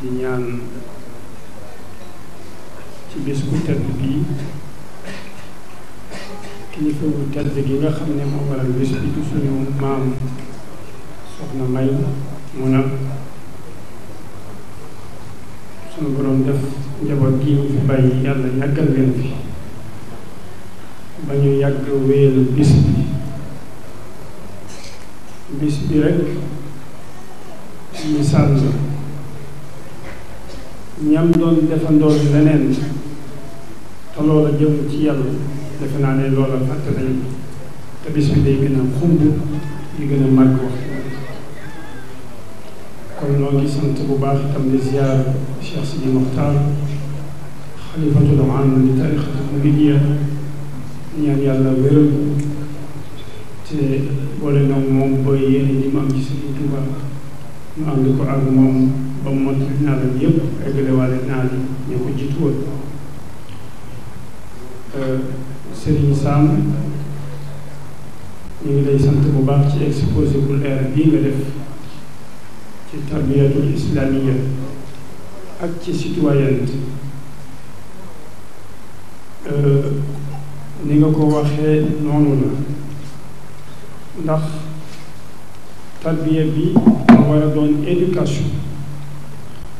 di ñaan ci bis bu tedd bii kilifa bu tedd gi nga xam ne moo waral bis bi du suñu maam soxna May mun a suñu borom def njaboot gi ñu fi bàyyi yàlla yàggal leen fi ba ñu yàgg wéyal bis bi bis bi rek misaal la ñam doon defandoo leneen te loola jëm ci yàlla defe naa ne loola fàtte nañu te bis bi day gën a xumb di gën a màgg wax kon noo ngi sant bu baax itam di ziar Cheikh Sidi Mokhtar xalifatul am li tarixatul muridiyya ñaan yàlla wéral te boole na moom ba yéene di ma am ci Sëriñ ñu ànd ko ak moom ba mu mot li naal yi yëpp eggalewaale naal yi ñu ko jiitu woon euh, ngi lay sant bu baax ci exposé bu leer bii nga def ci tarbiyatul islamiya ak ci citoyenneté euh, ni nga ko waxe noonu ndax tarbiya bi war a doon éducation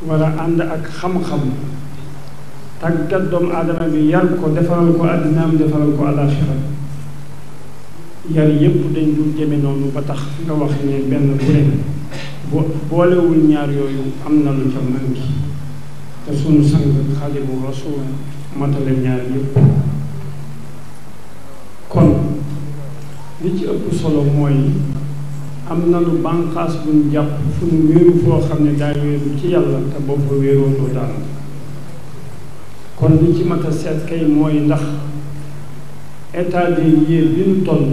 war ànd ak xam-xam tàggat doomu aadama bi yar ko defaral ko àddinaam defaral ko àllaaxira yar yépp dañ dul jëme noonu ba tax nga wax ne benn bu bo boolewul ñaar yooyu am na lu ca man gi te sunu sang xaadimu rasul matale ñaar yépp kon li ci ëpp solo mooy am nanu bànqaas buñ jàpp fu nu wéeru foo xam ne daay wéeru ci yàlla te boo fa wéeroo doo daanu kon li ci mat a seet kay mooy ndax état des lieux bi nu toll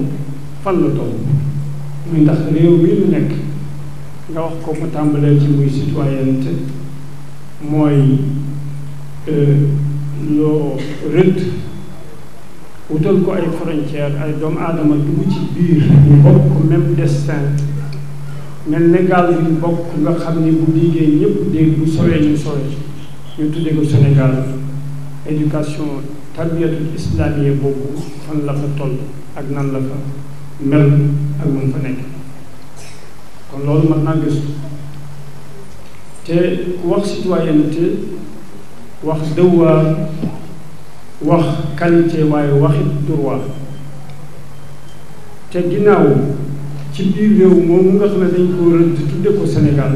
fan la toll muy ndax réew mi nu nekk nga wax ko mu tàmbalee ci muy citoyenneté mooy euh, loo rëdd wutal ko ay frontière ay doomu aadama dugg ci biir ñu bokk même destin mel ne gaal gi bokk nga xam ne bu liggéey ñëpp dégg bu sowee ñu sowee ñu tuddee ko Sénégal éducation tarbiyatul islamiyya boobu fan la fa toll ak nan la fa mel ak moom fa nekk kon loolu mën naa gëstu te ku wax citoyenneté wax devoir wax qualité waaye waxit droit te ginnaaw ci biir réew moomu nga xam ne dañ ko rëdd tudde ko Sénégal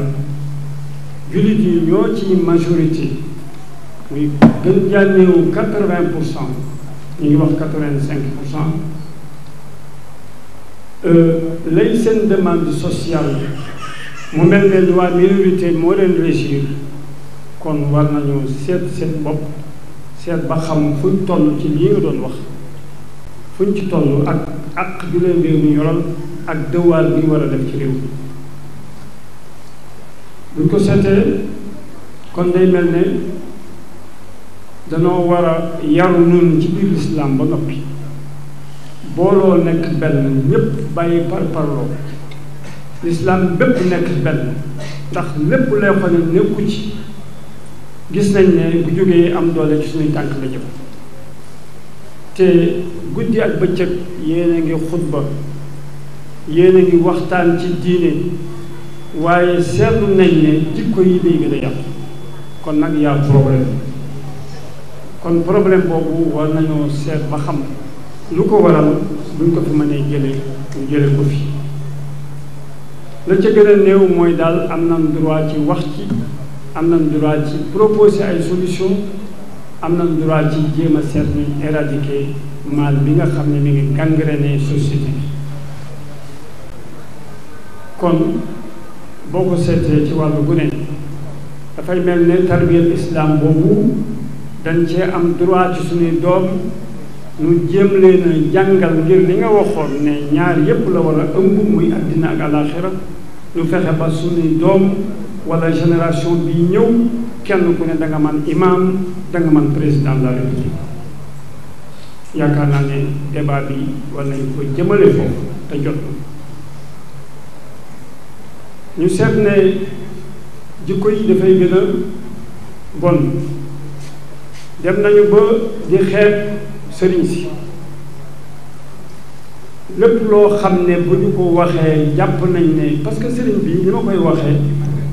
jullit yi ñoo ci majorité muy gën jànneewu quatre-vingt pour cent ñu ngi wax quatre-vingt-cinq pour cent euh, lay seen demande sociale mu mel ne waa minorité moo leen réussir kon war nañu seet seen bopp seet ba xam fu ñu toll ci lii nga doon wax fu ñu ci toll ak ak ju leen réew ak dëwaal bi ñu war a def ci réew luñ ko seetee kon day mel ne danoo war a yaru nun ci biir lislaam ba noppi booloo nekk benn ñépp bàyyi par parloo lislaam bépp nekk benn ndax lépp lay xam ne nekku ci gis nañ ne bu jógee am doole ci suñuy tànk la jëm te guddi ak bëccëg yéen ngi xutba yéen ngi waxtaan ci diine waaye seetlu nañ ne jikko yi day gën a yàqu kon nag yaa problème kon problème boobu war nañoo seet ba xam lu ko waral buñ ko fi mënee jëlee ñu jëlee ko fi la ca gën a néew mooy daal am na droit ci wax ci am na droit ci proposer ay solution am nañ droit ci jéem a seet ñu éradiquer mal bi nga xam ne mi ngi ne société bi kon boo ko seetee ci wàllu gune dafay mel ne tarbiyal islam boobu dañ cee am droit suñuy doom nu jéem leen jàngal ngir li nga waxoon ne ñaar yépp la war a ëmb muy àddina ak alaxira nu fexe ba suñuy doom walla génération bi ñëw kenn ku ne danga man imam da man président de la république yaakaar naa ne débat bi war nañ ko jëmale foofu te jot ñu seet ne jikko yi dafay gën a bon dem nañu ba di xeet sëriñ si lépp loo xam ne bu ñu ko waxee jàpp nañ ne parce que sëriñ bi ni ma koy waxee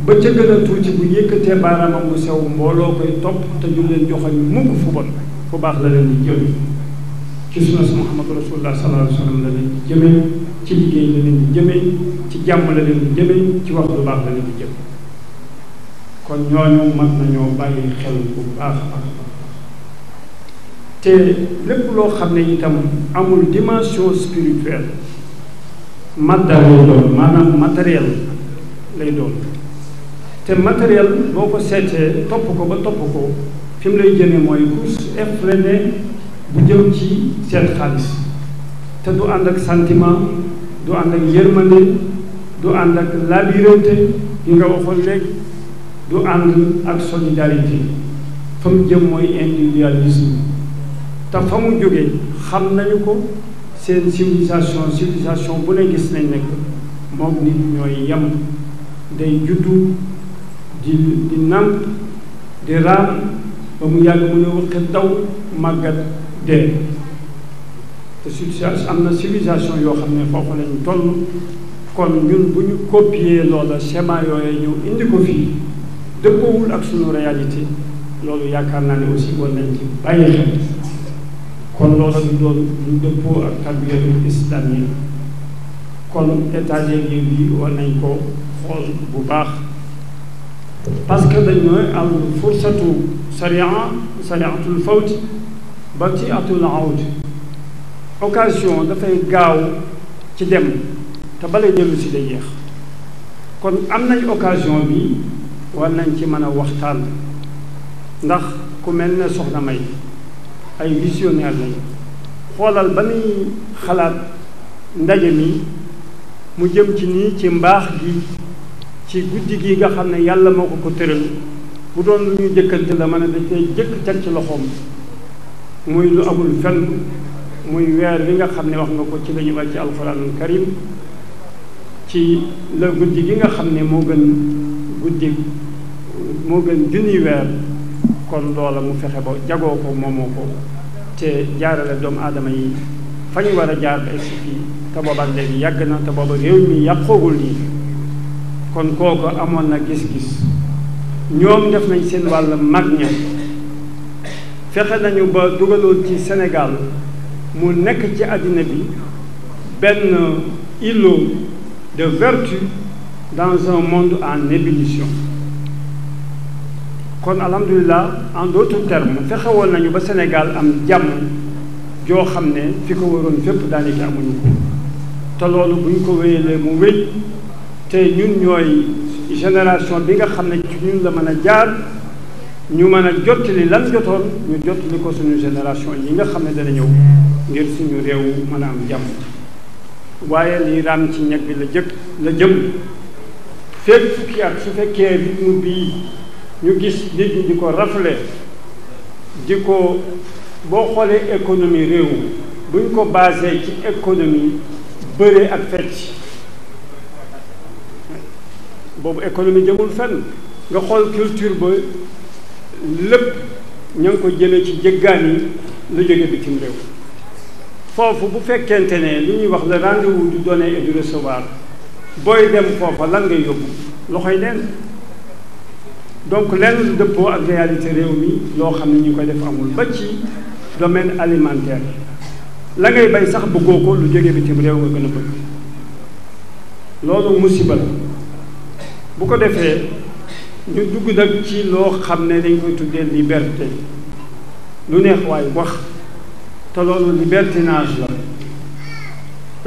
ba ca gën a tuuti bu yëkkatee baaraamam bu sew mbooloo koy topp te ñu leen joxoñ mukk fu bon fu baax la leen di jëme ci sunna Muhammad rasulullah sallallahu alayhi la leen di ci liggéey la leen di jëme ci jàmm la leen di ci wax lu baax la leen di jëm kon ñooñu mën nañoo bàyyi xel bu baax a baax te lépp loo xam ne itam amul dimension spirituelle madda lay doon maanaam matériel lay doon te matériel boo ko seetee topp ko ba topp ko fi lay jëmee mooy course effrénée bu jëm ci seen xaalis te du ànd ak sentiment du ànd ak yërmande du ànd ak labirante yi nga waxoon léegi du ànd ak solidarité fa mu jëm mooy individualisme te fa mu jógee xam nañu ko seen civilisation civilisation bu ne gis nañ nekk moom nit ñooy yem day juddu di di nàmp di raam ba mu yàgg mu ne waxi daw màggat dee te am na civilisation yoo xam ne foofu lañ toll kon ñun bu ñu copier loola schéma yooyu ñëw indi ko fii dëppoowul ak suñu réalité loolu yaakaar naa ne aussi war nañ ci bàyyi xel kon loola du doon ñu dëppoo ak tarbiya yu kon état des lieux war nañ ko xool bu baax parce que dañooy am fursatu sariya sariyatul fawt ba ci occasion dafay gaaw ci dem te balay dellu si day yéex kon am nañ occasion bi war nañ ci mën a waxtaan ndax ku mel ne soxna May ay visionnaire lañ xoolal ba muy xalaat ndaje mi mu jëm ci nii ci mbaax gi ci guddi gi nga xam ne yàlla moo ko ko tëral bu doon lu ñuy jëkkante la mën a dañ koy jëkk teg ci loxoom muy lu amul fenn muy weer wi nga xam ne wax nga ko ci la ñu ci alquranul karim ci la guddi gi nga xam ne moo gën guddi moo gën junni weer kon loola mu fexe ba jagoo ko moomoo ko te jaarale doomu aadama yi fa ñu war a jaar ba egsi fii te booba yàgg na te booba réew mi yàqoogul yi kon kooku amoon na gis-gis ñoom def nañ seen wàll mag ña fexe nañu ba dugaloon ci senegal mu nekk ci àddina bi benn ilo de vertu dans un monde en ébullition kon alhamdulilah en terme termes fexewoon nañu ba Sénégal am jàmm joo xam ne fi ko waroon fépp daanaka amuñu ko te loolu bu ñu ko wéyalee mu wéy te ñun ñooy génération bi nga xam ne ci ñun la mën a jaar ñu mën a jottali lan jotoon ñu jottali ko suñu génération yi nga xam ne dana ñëw ngir suñu réew mën a am jàmm waaye lii raam ci ñeg bi la jëkk la jëm fekk fukki at su fekkee rythme bii ñu gis nit ñi di ko rafle di ko boo xoolee économie réew buñ ko basé ci économie bëre ak fecc boobu économie jëmul fenn nga xool culture ba lépp ña ngi ko jële ci jéggaan yi lu jóge bitim réew foofu bu fekkente ne li ñuy wax le rendez-vous du donner et recevoir booy dem foofa lan ngay yóbbu loxoy leen donc lenn lu dëppoo ak réew mi loo xam ne ñu koy def amul ba ci domaine alimentaire la ngay bay sax bëggoo ko lu jóge bitim réew nga gën a bëgg loolu musiba la bu ko defee ñu dugg nag ci loo xam ne dañ koy tuddee liberté lu neex waay wax te loolu libertinage la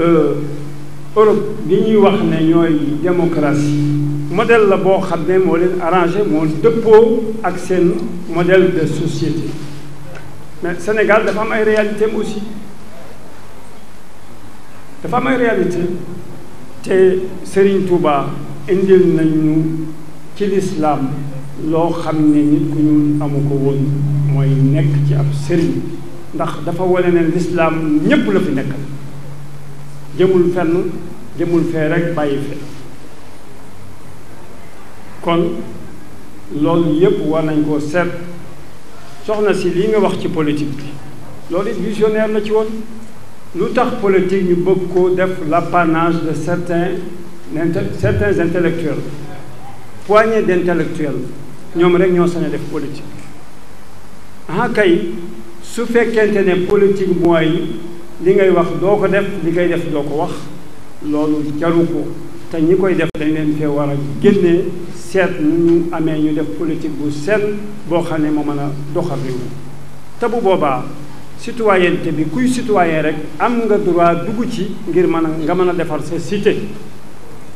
euh, Europe li ñuy wax ne ñooy démocratie modèle la boo xam ne moo leen arrangé moo dëppoo ak seen modèle de société mais Sénégal dafa am ay réalité aussi dafa am ay réalité te Serigne Touba indi nañu ci lislaam loo xam ne nit ku ñuul amu ko woon mooy nekk ci ab Serigne. ndax dafa wone ne lislaam ñépp la fi nekkal jëmul fenn jëmul fee rek bàyyi fi kon loolu yépp war nañ koo seet soxna si lii nga wax ci politique bi loolu it visionnaire la ci woon lu tax politique ñu bëgg ko def l'apanage de certains certains intellectuels poignée d'intellectuels ñoom rek ñoo sañ a def politique ah kay su fekkente ne politique mooy li ngay wax doo ko def li ngay def doo ko wax loolu jaru ko te ñi koy def dañ leen fee war a génne seet nu ñu amee ñu def politique bu sell boo xam ne moo mën a doxal réew mi te bu boobaa citoyenneté bi kuy citoyen rek am nga droit dugg ci ngir mën a nga mën a defar sa site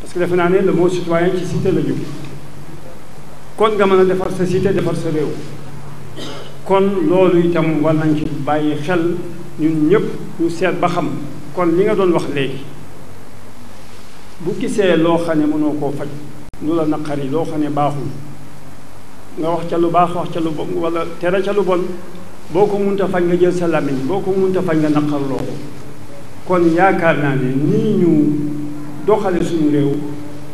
parce que defe naa ne le mot citoyen ci cité la jóge kon nga mën a defar sa cité defar sa réew kon loolu itam war nañ ci bàyyi xel ñun ñëpp ñu seet ba xam kon li nga doon wax léegi bu gisee loo xam ne mënoo ko faj lu la naqar yi loo xam ne baaxul nga wax ca lu baax wax ca lu bon wala tere ca lu bon boo ko munta faj nga jël sa làmmiñ boo ko munta faj nga naqarloo ko kon yaakaar naa ne nii ñu doxale suñu réew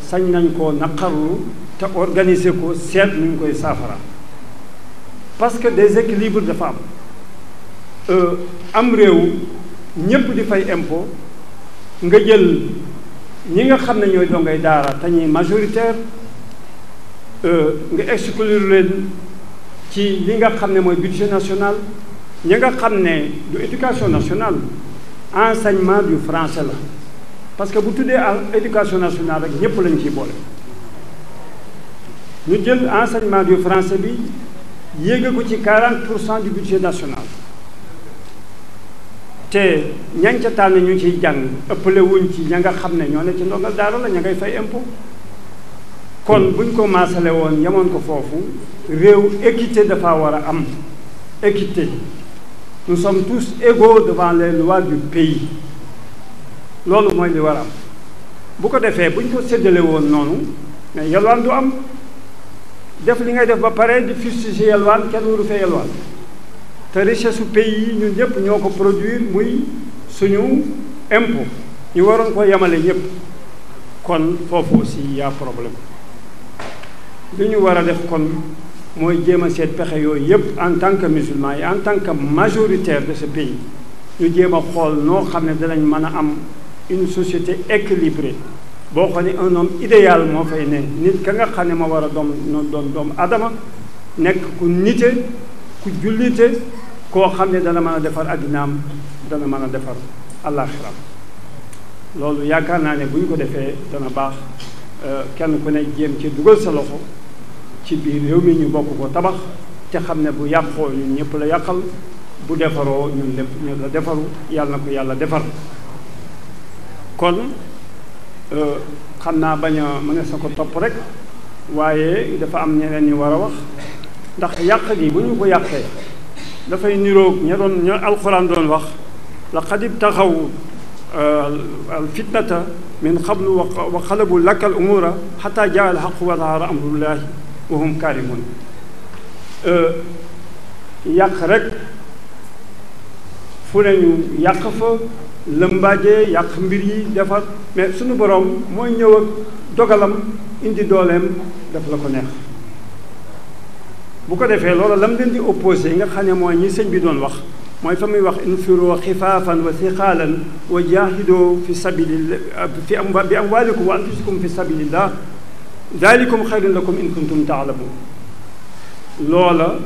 sañ nañ ko naqarlu te organiser ko seet luñ koy saafara parce que des équilibres dafa am euh, am réew ñépp di fay impo nga jël ñi nga xam ne ñooy dongay daara te ñuy majoritaire euh, nga exclure leen ci li nga xam ne mooy budget national ñi nga xam ne du éducation nationale enseignement du français la parce que bu tuddee éducation nationale rek ñépp lañ ci boole ñu jël enseignement du français bi yéege ko ci 40 pour cent du budget national te ñañ ca ñu ciy jàng ëppale wuñ ci ña nga xam ne ñoo ne ci ndox daara la ña ngay fay impôt kon hmm. buñ ko maasale woon yemoon ko foofu réew équité dafa war a am équité nous sommes tous égaux devant les lois du pays loolu mooy li war am bu ko defee buñ ko séddale woon noonu yalwaan du am def li ngay def ba pare di fustiger yelwaan kenn waru fee yelwaan te richesse su pays yi ñun ñoo ko produire muy suñu impôt ñu waroon ko yemale ñëpp kon foofu aussi yaa problème li ñu war a def kon mooy jéem a seet pexe yooyu yëpp en tant que musulman yi en tant que majoritaire de ce pays ñu jéem a xool noo xam ne dinañ mën a am une société équilibrée boo xoolee un homme idéal moo fay ne nit ka nga xam ne ma war a doom doon doomu adama nekk ku nite ku jullite koo xam ne dana mën a defar addinaam dana mën a defar àllaaxiram loolu yaakaar naa ne bu ñu ko defee dana baax euh, kenn ku ne jéem ci dugal sa loxo ci biir réew mi ñu bokk ko tabax te xam ne bu yàqoo ñun ñëpp la yàqal bu defaroo ñun lépp ñu la defaru yàlla na ko yàlla defar kon Euh, xam naa bañ a mën a ko topp rek waaye dafa am ñeneen ñu war a wax ndax yàq gi bu ñu ko yàqee dafay niroog ña doon ña alxuraan doon wax laqad taxawu euh, al fitnata min qablu wa xalabu laka al umura xata jaa al xaqu wa zahara amrullahi wa kaarimun euh, yàq rek fu ne ñu yàq fa lëmbaaje yàq mbir yi defar mais suñu boroom mooy ñëw ak dogalam indi dooleem daf la ko neex bu ko defee loolu lam leen di opposé nga xam ne mooy ñi sëñ bi doon wax mooy fa muy wax infiroo xifaafan wa siqaalan wa jaahidoo fi sabilillah fi am bi am amwaalikum wa anfusikum fi sabilillah daalikum xayrun lakum in kuntum taalamun loola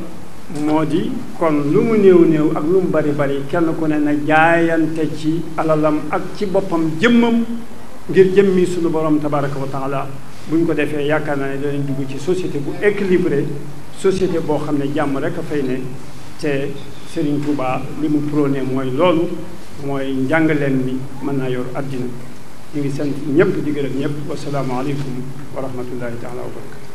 moo di kon lu mu néew néew ak lu mu bari bari kenn ku ne na jaayante ci alalam ak ci boppam jëmmam ngir jëmmi suñu borom tabaraka wa taala bu ñu ko defee yaakaar naa ne danañ dugg ci société bu équilibré société boo xam ne jàmm rek a fay ne te Serigne Touba li mu prôné mooy loolu mooy njàngaleen mi mën naa yor àddina ñu ngi sant ñëpp di gërëm ñëpp wasalaamualeykum wa rahmatullahi taala